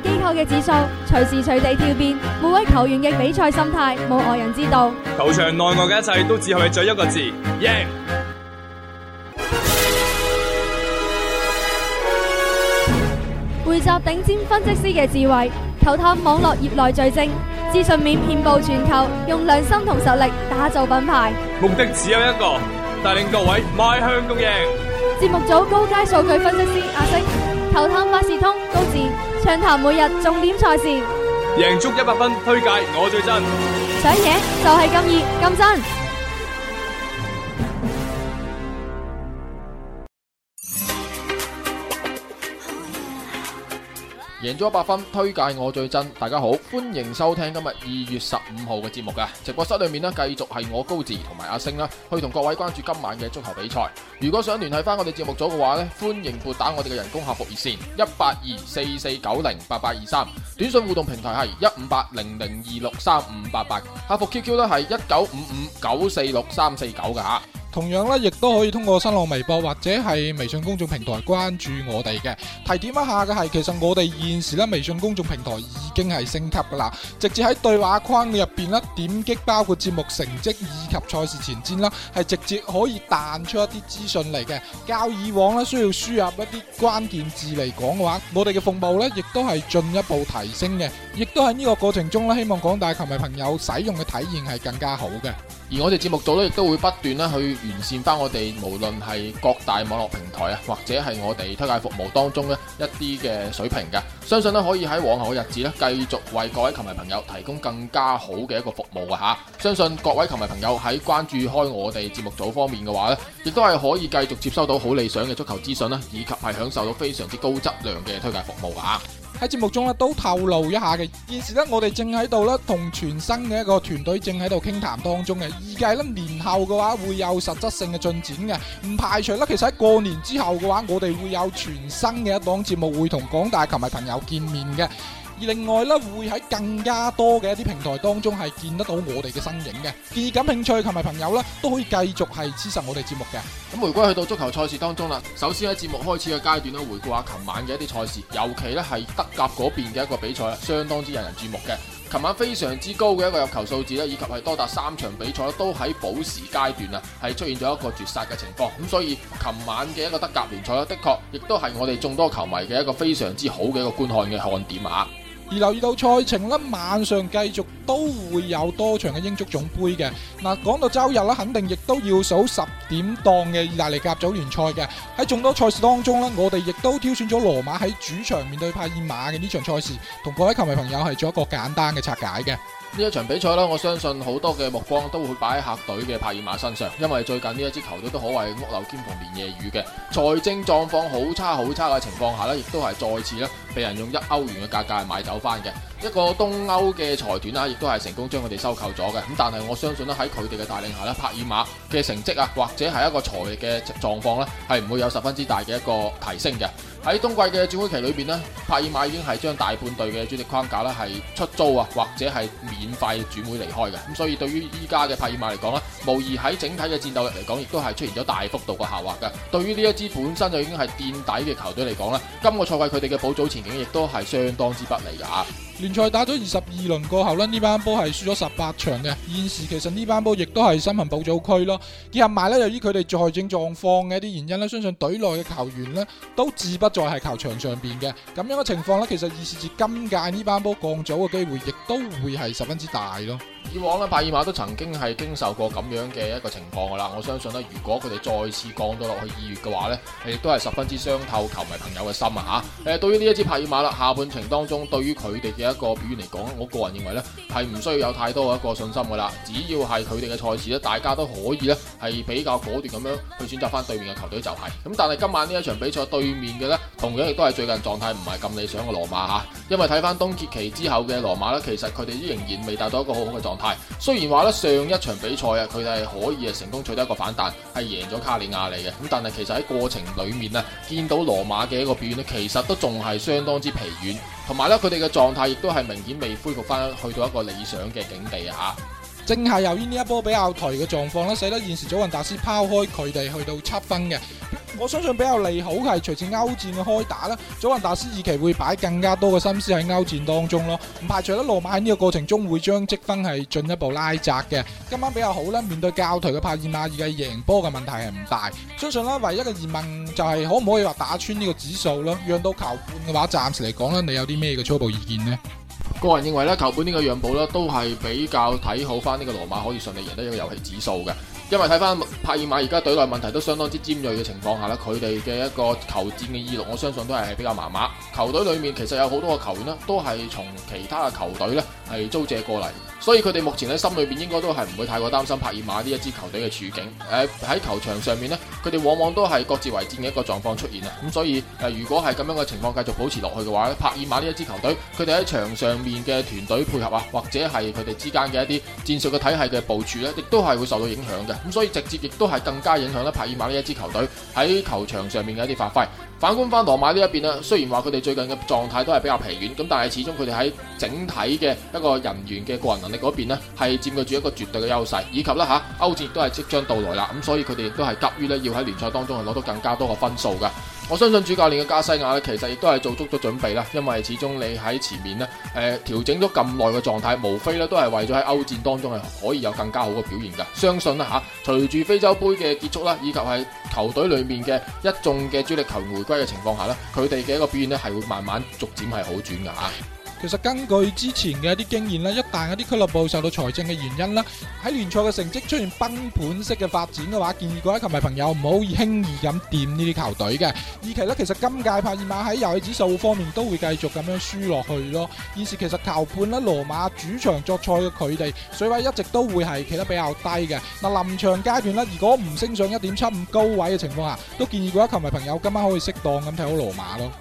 機構嘅指數隨時隨地跳變，每位球員嘅比賽心態冇外人知道。球場內外嘅一切都只係在一個字：贏。匯集頂尖分析師嘅智慧，球探網絡業內最精，資訊面遍布全球，用良心同實力打造品牌。目的只有一個，帶領各位邁向共贏。節目組高階數據分析師阿星，球探萬事通高智。暢談每日重點賽事，贏足一百分，推介我最真，想贏就係咁熱咁真。贏咗一百分，推介我最真。大家好，歡迎收聽今日二月十五號嘅節目嘅直播室裏面咧，繼續係我高志同埋阿星啦，去同各位關注今晚嘅足球比賽。如果想聯繫翻我哋節目組嘅話咧，歡迎撥打我哋嘅人工客服熱線一八二四四九零八八二三，短信互動平台係一五八零零二六三五八八，客服 Q Q 咧係一九五五九四六三四九嘅吓。同樣咧，亦都可以通過新浪微博或者係微信公眾平台關注我哋嘅。提點一下嘅係，其實我哋現時咧微信公眾平台已經係升級嘅啦，直接喺對話框嘅入面咧，點擊包括節目成績以及賽事前瞻啦，係直接可以彈出一啲資訊嚟嘅。較以往咧需要輸入一啲關鍵字嚟講嘅話，我哋嘅服務咧亦都係進一步提升嘅。亦都喺呢個過程中咧，希望廣大球迷朋友使用嘅體驗係更加好嘅。而我哋節目組咧，亦都會不斷咧去完善翻我哋無論係各大網絡平台啊，或者係我哋推介服務當中呢一啲嘅水平嘅。相信呢，可以喺往後嘅日子咧，繼續為各位球迷朋友提供更加好嘅一個服務嘅吓。相信各位球迷朋友喺關注開我哋節目組方面嘅話呢，亦都係可以繼續接收到好理想嘅足球資訊啦，以及係享受到非常之高質量嘅推介服務啊。喺節目中咧，都透露一下嘅。現時咧，我哋正喺度咧同全新嘅一個團隊正喺度傾談當中嘅，預計咧年後嘅話會有實質性嘅進展嘅。唔排除咧其實喺過年之後嘅話，我哋會有全新嘅一檔節目會同廣大球迷朋友見面嘅。而另外咧，會喺更加多嘅一啲平台當中係見得到我哋嘅身影嘅。建議感興趣同埋球迷朋友咧，都可以繼續係支持我哋節目嘅。咁回歸去到足球賽事當中啦，首先喺節目開始嘅階段咧，回顧下琴晚嘅一啲賽事，尤其咧係德甲嗰邊嘅一個比賽啊，相當之引人注目嘅。琴晚非常之高嘅一個入球數字咧，以及係多達三場比賽都喺補時階段啊，係出現咗一個絕殺嘅情況。咁所以琴晚嘅一個德甲聯賽的確亦都係我哋眾多球迷嘅一個非常之好嘅一個觀看嘅看點啊！而留意到賽程啦，晚上繼續都會有多場嘅英足總杯嘅。嗱，講到周日啦，肯定亦都要數十點檔嘅意大利甲組聯賽嘅。喺眾多賽事當中啦，我哋亦都挑選咗羅馬喺主場面對帕爾馬嘅呢場賽事，同各位球迷朋友係做一個簡單嘅拆解嘅。呢一場比賽啦，我相信好多嘅目光都會擺喺客隊嘅帕爾馬身上，因為最近呢一支球隊都可謂屋漏兼逢連夜雨嘅，財政狀況好差好差嘅情況下呢，亦都係再次咧被人用一歐元嘅價格係買走翻嘅一個東歐嘅財團啦，亦都係成功將佢哋收購咗嘅。咁但係我相信呢喺佢哋嘅帶領下呢，帕爾馬嘅成績啊，或者係一個財力嘅狀況呢，係唔會有十分之大嘅一個提升嘅。喺冬季嘅轉會期裏邊呢，帕爾馬已經係將大半隊嘅主力框架咧係出租啊，或者係免費轉會離開嘅。咁所以對於依家嘅帕爾馬嚟講呢，無疑喺整體嘅戰鬥力嚟講，亦都係出現咗大幅度嘅下滑嘅。對於呢一支本身就已經係墊底嘅球隊嚟講呢，今個賽季佢哋嘅保組前景亦都係相當之不利噶聯賽打咗二十二輪過後咧，呢班波係輸咗十八場嘅。現時其實呢班波亦都係深陷保組區咯。結合埋咧，由於佢哋財政狀況嘅一啲原因咧，相信隊內嘅球員咧都志不在係球場上面嘅。咁樣嘅情況咧，其實以示至今屆呢班波降組嘅機會亦都會係十分之大咯。以往咧，帕爾馬都曾經係經受過咁樣嘅一個情況噶啦。我相信咧，如果佢哋再次降到落去二月嘅話咧，係亦都係十分之傷透球迷朋友嘅心啊吓。誒、呃，對於呢一支帕爾馬啦，下半程當中對於佢哋嘅一個表現嚟講，我個人認為咧係唔需要有太多嘅一個信心噶啦。只要係佢哋嘅賽事咧，大家都可以咧係比較果斷咁樣去選擇翻對面嘅球隊就係、是、咁。但係今晚呢一場比賽對面嘅咧。同樣亦都係最近狀態唔係咁理想嘅羅馬嚇，因為睇翻冬歇期之後嘅羅馬咧，其實佢哋依然未達到一個好好嘅狀態。雖然話呢，上一場比賽啊，佢哋係可以啊成功取得一個反彈，係贏咗卡里亞嚟嘅。咁但係其實喺過程裡面呢，見到羅馬嘅一個表現呢，其實都仲係相當之疲軟，同埋呢，佢哋嘅狀態亦都係明顯未恢復翻去到一個理想嘅境地啊！嚇，正係由於呢一波比較頹嘅狀況呢，使得現時祖雲達斯拋開佢哋去到七分嘅。我相信比較利好嘅係隨住歐戰嘅開打啦，祖雲達斯二期會擺更加多嘅心思喺歐戰當中咯，唔排除咧羅馬喺呢個過程中會將積分係進一步拉窄嘅。今晚比較好啦。面對教頭嘅帕爾馬而嘅贏波嘅問題係唔大，相信咧唯一嘅疑問就係可唔可以話打穿呢個指數咯，讓到球半嘅話，暫時嚟講咧，你有啲咩嘅初步意見呢？個人認為咧，球半呢個讓步咧都係比較睇好翻呢個羅馬可以順利贏得一個遊戲指數嘅。因為睇翻，帕爾馬而家隊內問題都相當之尖銳嘅情況下啦，佢哋嘅一個球戰嘅意欲，我相信都係比較麻麻。球隊裏面其實有好多個球員咧，都係從其他嘅球隊咧係租借過嚟，所以佢哋目前喺心裏邊應該都係唔會太過擔心帕爾馬呢一支球隊嘅處境。誒喺球場上面咧，佢哋往往都係各自為戰嘅一個狀況出現啊。咁所以誒如果係咁樣嘅情況繼續保持落去嘅話咧，帕爾馬呢一支球隊，佢哋喺場上面嘅團隊配合啊，或者係佢哋之間嘅一啲戰術嘅體系嘅部署咧，亦都係會受到影響嘅。咁所以直接亦都係更加影響咧，帕爾馬呢一支球隊喺球場上面嘅一啲發揮。反觀翻羅馬呢一邊呢，雖然話佢哋最近嘅狀態都係比較疲軟，咁但係始終佢哋喺整體嘅一個人員嘅個人能力嗰邊咧，係佔據住一個絕對嘅優勢，以及啦嚇歐戰都係即將到來啦，咁所以佢哋都係急於咧要喺聯賽當中係攞到更加多嘅分數噶。我相信主教練嘅加西亞其實亦都係做足咗準備啦，因為始終你喺前面呢、呃、調整咗咁耐嘅狀態，無非咧都係為咗喺歐戰當中係可以有更加好嘅表現噶。相信啦嚇、啊，隨住非洲杯嘅結束啦，以及係球隊裏面嘅一眾嘅主力球員嘅情況下咧，佢哋嘅一個表現咧係會慢慢逐漸係好轉㗎吓。其實根據之前嘅一啲經驗咧，一旦一啲俱樂部受到財政嘅原因咧，喺聯賽嘅成績出現崩盤式嘅發展嘅話，建議各位球迷朋友唔好以輕易咁掂呢啲球隊嘅。二期咧，其實今屆帕爾馬喺遊戲指數方面都會繼續咁樣輸落去咯。二是其實球盤呢，羅馬主場作賽嘅佢哋水位一直都會係企得比較低嘅。嗱，臨場階段呢，如果唔升上一點七五高位嘅情況下，都建議各位球迷朋友今晚可以適當咁睇好羅馬咯。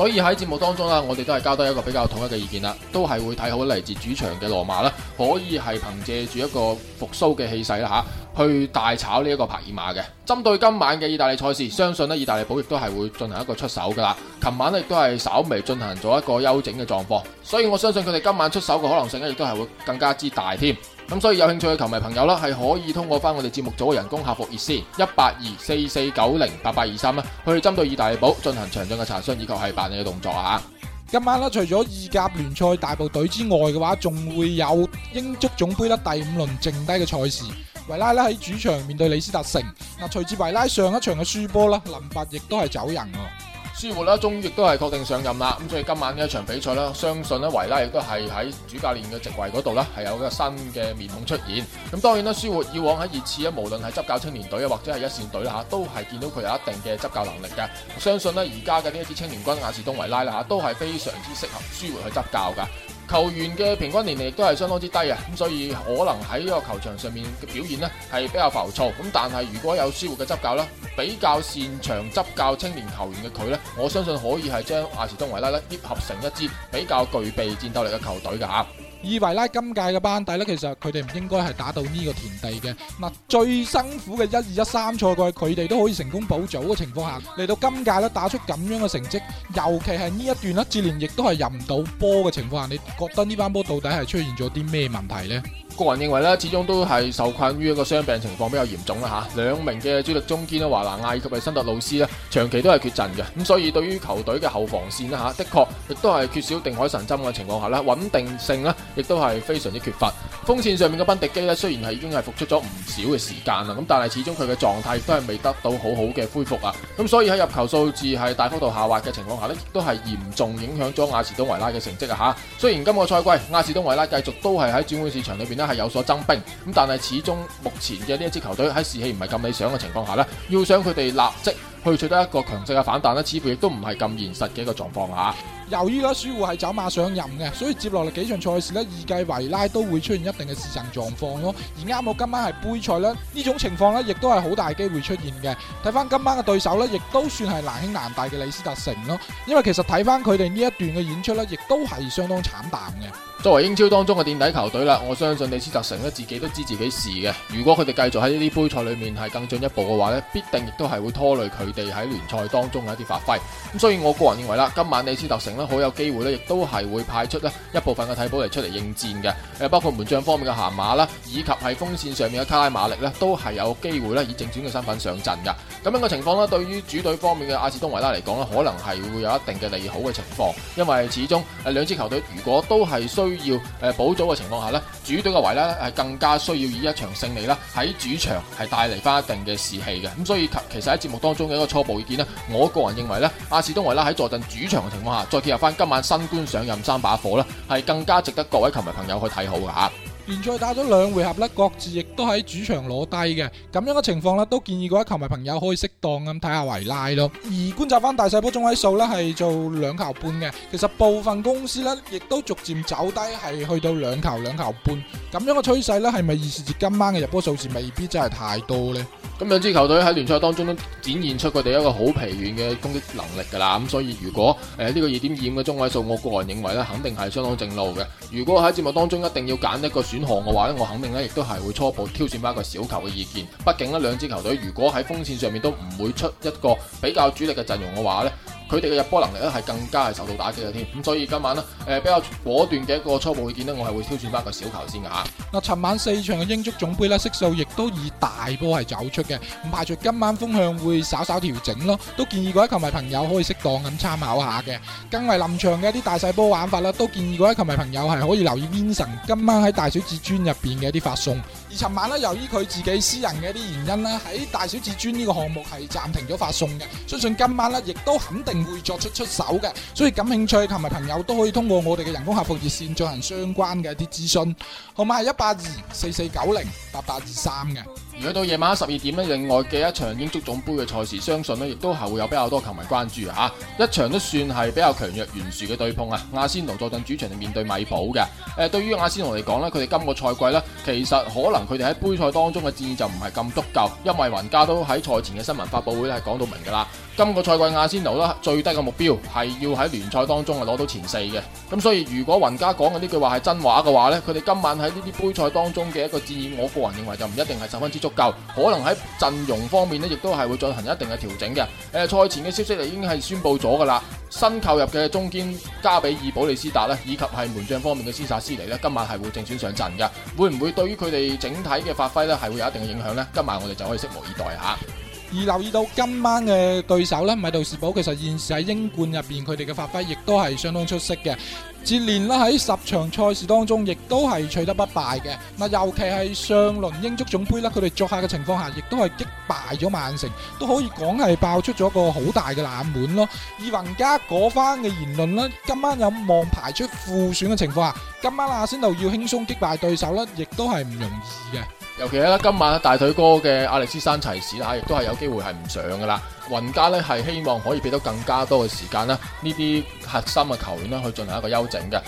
所以喺節目當中啦，我哋都係交多一個比較統一嘅意見啦，都係會睇好嚟自主場嘅羅馬啦，可以係憑借住一個復蘇嘅氣勢啦吓，去大炒呢一個帕爾馬嘅。針對今晚嘅意大利賽事，相信呢，意大利寶亦都係會進行一個出手噶啦。琴晚呢，亦都係稍微進行咗一個休整嘅狀況，所以我相信佢哋今晚出手嘅可能性呢，亦都係會更加之大添。咁所以有興趣嘅球迷朋友啦，係可以通過翻我哋節目組嘅人工客服熱線一八二四四九零八八二三啦，去針對意大利寶進行詳盡嘅查詢，以及係辦理嘅動作啊！今晚啦，除咗意甲聯賽大部隊之外嘅話，仲會有英足總杯得第五輪剩低嘅賽事，維拉啦喺主場面對李斯特城。嗱，隨住維拉上一場嘅輸波啦，林伯亦都係走人舒活啦，終於亦都係確定上任啦。咁所以今晚呢一場比賽啦，相信咧維拉亦都係喺主教練嘅席位嗰度咧，係有個新嘅面孔出現。咁當然啦，舒活以往喺熱刺咧，無論係執教青年隊啊，或者係一線隊啦嚇，都係見到佢有一定嘅執教能力嘅。相信咧，而家嘅呢一支青年軍亞士東維拉啦嚇，都係非常之適合舒活去執教㗎。球員嘅平均年齡都係相當之低啊，咁所以可能喺呢個球場上面嘅表現呢係比較浮躁。咁但係如果有舒服嘅執教啦，比較擅長執教青年球員嘅佢呢，我相信可以係將阿士東維拉呢結合成一支比較具備戰鬥力嘅球隊㗎嚇。以維拉今屆嘅班底咧，其實佢哋唔應該係打到呢個田地嘅。嗱，最辛苦嘅一二一三賽季，佢哋都可以成功保組嘅情況下，嚟到今屆咧，打出咁樣嘅成績，尤其係呢一段咧，志連亦都係入唔到波嘅情況下，你覺得呢班波到底係出現咗啲咩問題呢？個人認為咧，始終都係受困於一個傷病情況比較嚴重啦吓。兩名嘅主力中堅啊，華拿亞以及係新特魯斯咧，長期都係缺陣嘅。咁所以對於球隊嘅後防線咧，吓的確亦都係缺少定海神針嘅情況下咧，穩定性咧亦都係非常之缺乏。鋒線上面嘅賓迪基咧，雖然係已經係復出咗唔少嘅時間啦，咁但係始終佢嘅狀態亦都係未得到好好嘅恢復啊。咁所以喺入球數字係大幅度下滑嘅情況下咧，亦都係嚴重影響咗亞士東維拉嘅成績啊吓。雖然今個賽季亞士東維拉繼續都係喺轉會市場裏邊係有所增兵，咁但係始終目前嘅呢一支球隊喺士氣唔係咁理想嘅情況下呢，要想佢哋立即去取得一個強勢嘅反彈，呢似乎亦都唔係咁現實嘅一個狀況啊。由於咧，輸戶係走馬上任嘅，所以接落嚟幾場賽事呢，預計維拉都會出現一定嘅士神狀況咯。而啱好今晚係杯賽咧，呢種情況呢，亦都係好大機會出現嘅。睇翻今晚嘅對手呢，亦都算係難兄難弟嘅李斯特城咯。因為其實睇翻佢哋呢一段嘅演出呢，亦都係相當慘淡嘅。作為英超當中嘅墊底球隊啦，我相信李斯特城咧自己都知自己事嘅。如果佢哋繼續喺呢啲杯賽裏面係更進一步嘅話咧，必定亦都係會拖累佢哋喺聯賽當中嘅一啲發揮。咁所以我個人認為啦，今晚李斯特城咧好有機會咧，亦都係會派出一部分嘅替補嚟出嚟應戰嘅。誒，包括門將方面嘅咸馬啦，以及係鋒線上面嘅卡拉馬力咧，都係有機會以正選嘅身份上陣嘅。咁樣嘅情況咧，對於主隊方面嘅阿士東維拉嚟講咧，可能係會有一定嘅利好嘅情況，因為始終兩支球隊如果都係需需要誒補組嘅情況下咧，主隊嘅維拉咧係更加需要以一場勝利啦，喺主場係帶嚟翻一定嘅士氣嘅。咁所以其實喺節目當中嘅一個初步意見咧，我個人認為咧，阿士東維拉喺坐鎮主場嘅情況下，再結合翻今晚新官上任三把火啦，係更加值得各位球迷朋友去睇好嘅嚇。聯賽打咗兩回合呢，各自亦都喺主場攞低嘅。咁樣嘅情況呢，都建議各位球迷朋友可以適當咁睇下維拉咯。而觀察翻大細波中位數呢係做兩球半嘅，其實部分公司呢，亦都逐漸走低，係去到兩球兩球半咁樣嘅趨勢呢，係咪預示住今晚嘅入波數字未必真係太多呢？咁兩支球隊喺聯賽當中都展現出佢哋一個好疲軟嘅攻擊能力噶啦，咁所以如果誒呢個二點二五嘅中位數，我個人認為呢，肯定係相當正路嘅。如果喺節目當中一定要揀一個選，行嘅話咧，我肯定咧，亦都係會初步挑選翻一個小球嘅意見。畢竟咧，兩支球隊如果喺鋒線上面都唔會出一個比較主力嘅陣容嘅話咧。佢哋嘅入波能力咧係更加係受到打擊嘅添，咁所以今晚呢，誒比較果斷嘅一個初步意見呢，我係會挑選翻個小球先嚇。嗱，尋晚四場嘅英足總杯呢，色數亦都以大波係走出嘅，唔排除今晚風向會稍稍調整咯，都建議各位球迷朋友可以適當咁參考一下嘅。更為臨場嘅一啲大細波玩法啦，都建議各位球迷朋友係可以留意 Vincent 今晚喺大水至尊入邊嘅一啲發送。而尋晚咧，由於佢自己私人嘅一啲原因咧，喺大小至尊呢個項目係暫停咗發送嘅。相信今晚咧，亦都肯定會作出出手嘅。所以感興趣同埋朋友都可以通過我哋嘅人工客服熱線進行相關嘅一啲諮詢，號碼係一八二四四九零八八二三嘅。如果到夜晚十二點呢，另外嘅一場英足總杯嘅賽事，相信呢亦都係會有比較多球迷關注嚇。一場都算係比較強弱懸殊嘅對碰啊！亞仙奴坐鎮主場就面對米堡嘅。誒，對於亞仙奴嚟講呢，佢哋今個賽季呢，其實可能佢哋喺杯賽當中嘅戰意就唔係咁足夠，因為雲加都喺賽前嘅新聞發佈會咧係講到明㗎啦。今個賽季阿仙奴啦，最低嘅目標係要喺聯賽當中啊，攞到前四嘅。咁所以如果雲加講嘅呢句話係真話嘅話呢，佢哋今晚喺呢啲杯賽當中嘅一個戰意，我個人認為就唔一定係十分之足夠，可能喺陣容方面呢，亦都係會進行一定嘅調整嘅。誒、呃，賽前嘅消息嚟已經係宣佈咗噶啦，新購入嘅中堅加比爾保利斯達呢，以及係門將方面嘅斯薩斯尼呢，今晚係會正選上陣嘅。會唔會對於佢哋整體嘅發揮呢，係會有一定嘅影響呢？今晚我哋就可以拭目以待吓。而留意到今晚嘅對手呢，米杜士堡其實現時喺英冠入邊，佢哋嘅發揮亦都係相當出色嘅。接連啦喺十場賽事當中，亦都係取得不敗嘅。嗱，尤其係上輪英足總杯咧，佢哋作客嘅情況下，亦都係擊敗咗曼城，都可以講係爆出咗一個好大嘅冷門咯。而雲加嗰番嘅言論呢，今晚有望排出負選嘅情況下，今晚阿仙奴要輕鬆擊敗對手呢，亦都係唔容易嘅。.尤其咧，今晚大腿哥嘅阿歷斯山齊士啦，亦都係有機會係唔上噶啦。雲加呢，係希望可以俾到更加多嘅時間啦，呢啲核心嘅球員呢去進行一個休整嘅，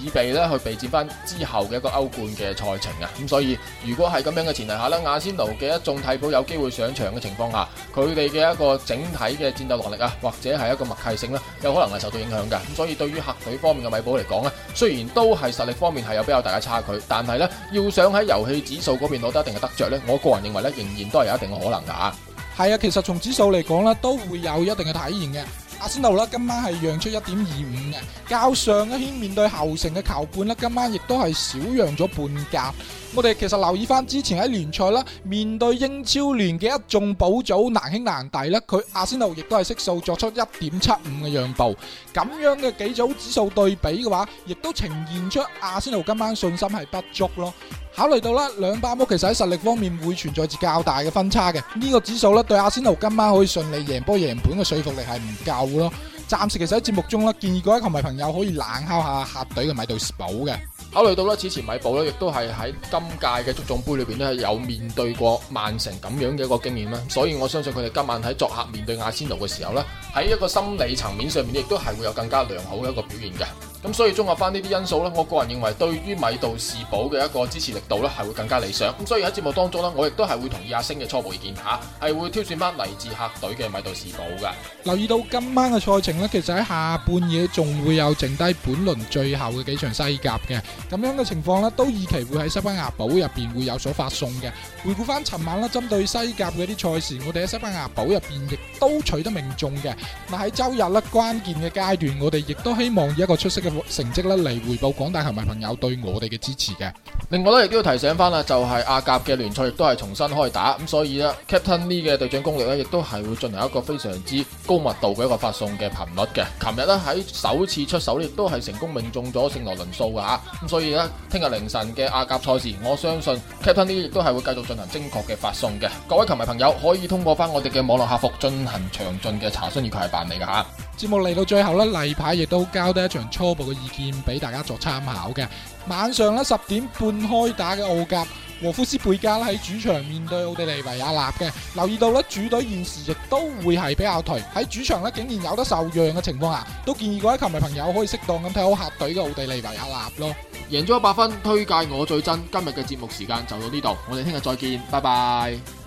以備咧去備戰翻之後嘅一個歐冠嘅賽程啊。咁所以，如果係咁樣嘅前提下呢，亞仙奴嘅一眾替補有機會上場嘅情況下，佢哋嘅一個整體嘅戰鬥能力啊，或者係一個默契性咧，有可能係受到影響嘅。咁所以，對於客隊方面嘅米堡嚟講咧，雖然都係實力方面係有比較大嘅差距，但係咧，要想喺遊戲指數嗰邊攞得。一定嘅得着呢，我個人認為呢，仍然都係有一定嘅可能噶。係啊，其實從指數嚟講呢，都會有一定嘅體現嘅。阿仙奴呢，今晚係讓出一點二五嘅，較上一圈面對後城嘅球盤呢，今晚亦都係少讓咗半格。我哋其實留意翻之前喺聯賽啦，面對英超聯嘅一眾保組難兄難弟呢，佢阿仙奴亦都係悉數作出一點七五嘅讓步。咁樣嘅幾組指數對比嘅話，亦都呈現出阿仙奴今晚信心係不足咯。考慮到啦，兩班屋其實喺實力方面會存在住較大嘅分差嘅，呢、這個指數咧對阿仙奴今晚可以順利贏波贏盤嘅說服力係唔夠咯。暫時其實喺節目中咧建議各位球迷朋友可以冷敲下客隊嘅米杜士堡嘅。考慮到啦，此前米堡咧亦都係喺今屆嘅足總杯裏邊咧有面對過曼城咁樣嘅一個經驗啦，所以我相信佢哋今晚喺作客面對阿仙奴嘅時候咧喺一個心理層面上面亦都係會有更加良好嘅一個表現嘅。咁所以綜合翻呢啲因素咧，我個人認為對於米道士堡嘅一個支持力度咧係會更加理想。咁所以喺節目當中咧，我亦都係會同意阿星嘅初步意見吓，係會挑選翻嚟自客隊嘅米道士堡嘅。留意到今晚嘅賽程咧，其實喺下半夜仲會有剩低本輪最後嘅幾場西甲嘅咁樣嘅情況咧，都預期會喺西班牙堡入邊會有所發送嘅。回顧翻尋晚啦，針對西甲嗰啲賽事，我哋喺西班牙堡入邊亦都取得命中嘅。嗱，喺周日咧，關鍵嘅階段，我哋亦都希望以一個出色嘅。成績啦，嚟回報廣大球迷朋友對我哋嘅支持嘅。另外咧，亦都要提醒翻啦，就係阿甲嘅聯賽亦都係重新開打，咁所以呢 Captain Lee 嘅隊長攻略呢，亦都係會進行一個非常之高密度嘅一個發送嘅頻率嘅。琴日呢，喺首次出手亦都係成功命中咗聖羅倫素嘅吓，咁所以呢，聽日凌晨嘅阿甲賽事，我相信 Captain Lee 亦都係會繼續進行精確嘅發送嘅。各位球迷朋友可以通過翻我哋嘅網絡客服進行詳盡嘅查詢以及係辦理嘅吓。節目嚟到最後呢例牌亦都交低一場初。個意見俾大家作參考嘅。晚上咧十點半開打嘅奧甲，沃夫斯貝加咧喺主場面對奧地利維也納嘅。留意到咧主隊現時亦都會係比較頹，喺主場咧竟然有得受讓嘅情況下，都建議各位球迷朋友可以適當咁睇好客隊嘅奧地利維也納咯。贏咗一百分，推介我最真。今日嘅節目時間就到呢度，我哋聽日再見，拜拜。